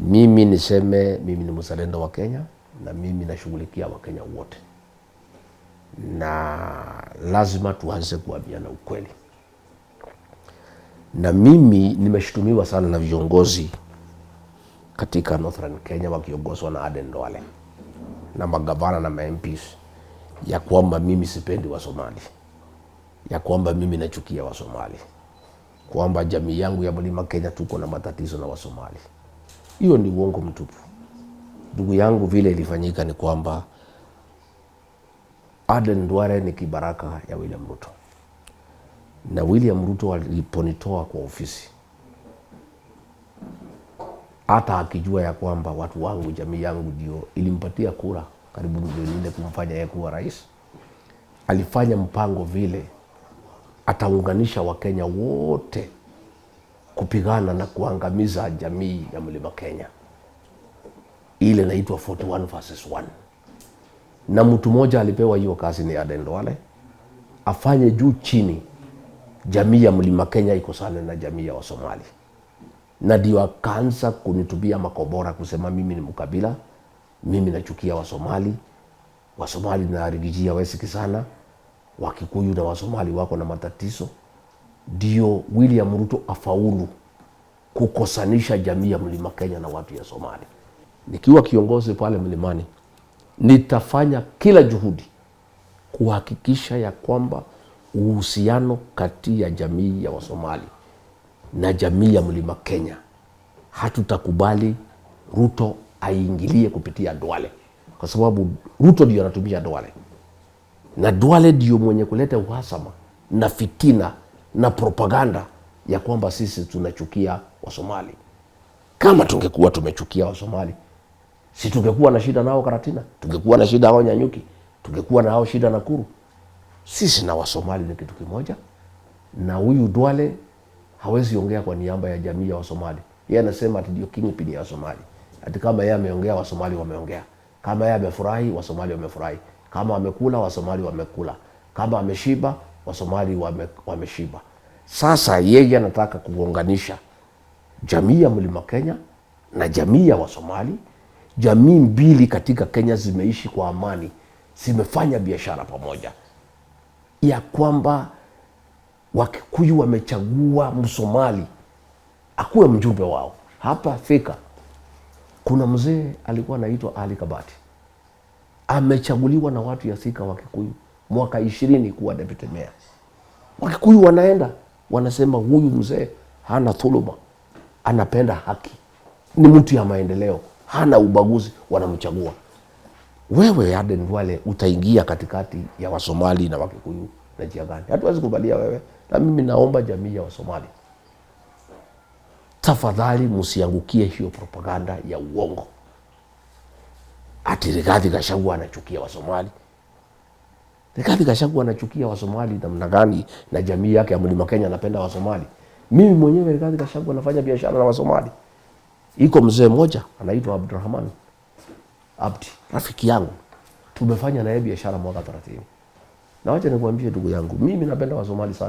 Mimi niseme mimi ni mzalendo wa Kenya na mimi nashughulikia Wakenya wote, na lazima tuanze kuambiana ukweli. Na mimi nimeshutumiwa sana na viongozi katika Northern Kenya wakiongozwa na Aden Duale na magavana na MPs ya kwamba mimi sipendi Wasomali, ya kwamba mimi nachukia Wasomali, kwamba jamii yangu ya mlima Kenya tuko na matatizo na Wasomali. Hiyo ni uongo mtupu. Ndugu yangu, vile ilifanyika ni kwamba Aden Duale ni kibaraka ya William Ruto, na William Ruto aliponitoa kwa ofisi, hata akijua ya kwamba watu wangu, jamii yangu ndio ilimpatia kura karibu milioni nne kumfanya yeye kuwa rais, alifanya mpango vile ataunganisha Wakenya wote kupigana na kuangamiza jamii ya mlima Kenya, ile inaitwa 41 versus 1. Na mtu mmoja alipewa hiyo kazi ni Aden Duale, afanye juu chini, jamii ya mlima Kenya iko sana na jamii ya Wasomali, na ndio akaanza kunitubia makobora kusema mimi ni mkabila, mimi nachukia Wasomali, Wasomali naarigijia wesiki sana, Wakikuyu na Wasomali wako na matatizo ndio William Ruto afaulu kukosanisha jamii ya Mlima Kenya na watu ya Somali. Nikiwa kiongozi pale mlimani, nitafanya kila juhudi kuhakikisha ya kwamba uhusiano kati ya jamii ya Wasomali na jamii ya Mlima Kenya, hatutakubali Ruto aingilie kupitia Duale, kwa sababu Ruto ndio anatumia Duale na Duale ndio mwenye kuleta uhasama na fitina na propaganda ya kwamba sisi tunachukia Wasomali. Kama tungekuwa tumechukia Wasomali, si tungekuwa na shida nao Karatina, tungekuwa na shida nao Nyanyuki, tungekuwa na hao shida Nakuru. Sisi na Wasomali ni kitu kimoja, na huyu Duale hawezi ongea kwa niaba ya jamii ya Wasomali. Yeye anasema ati ndio kingpin ya Wasomali, ati kama yeye ameongea Wasomali wameongea, kama yeye amefurahi Wasomali wamefurahi, kama amekula Wasomali wamekula, kama ameshiba Wasomali wame, Sasa yeye anataka kuunganisha jamii ya mlima Kenya na jamii ya Wasomali. Jamii mbili katika Kenya zimeishi kwa amani, zimefanya biashara pamoja, ya kwamba Wakikuyu wamechagua Msomali akuwe mjumbe wao. Hapa Thika kuna mzee alikuwa anaitwa Ali Kabati, amechaguliwa na watu ya Thika Wakikuyu mwaka ishirini kuwa deputy mayor. Wakikuyu wanaenda wanasema huyu mzee hana dhuluma, anapenda haki, ni mtu ya maendeleo, hana ubaguzi, wanamchagua. Wewe Aden Duale utaingia katikati ya Wasomali na Wakikuyu na njia gani? Hatuwezi kubalia wewe na mimi. Naomba jamii ya Wasomali tafadhali, msiangukie hiyo propaganda ya uongo ati Rigathi Gachagua anachukia Wasomali. Rigathi Gachagua anachukia Wasomali namna gani na jamii yake ya Mlima Kenya anapenda Wasomali. Mimi mwenyewe Rigathi Gachagua anafanya biashara na Wasomali. Iko mzee mmoja anaitwa Abdurrahman Abdi, rafiki yangu. Tumefanya naye biashara mwaka 30. Na wacha nikuambie ndugu yangu, mimi napenda Wasomali sana.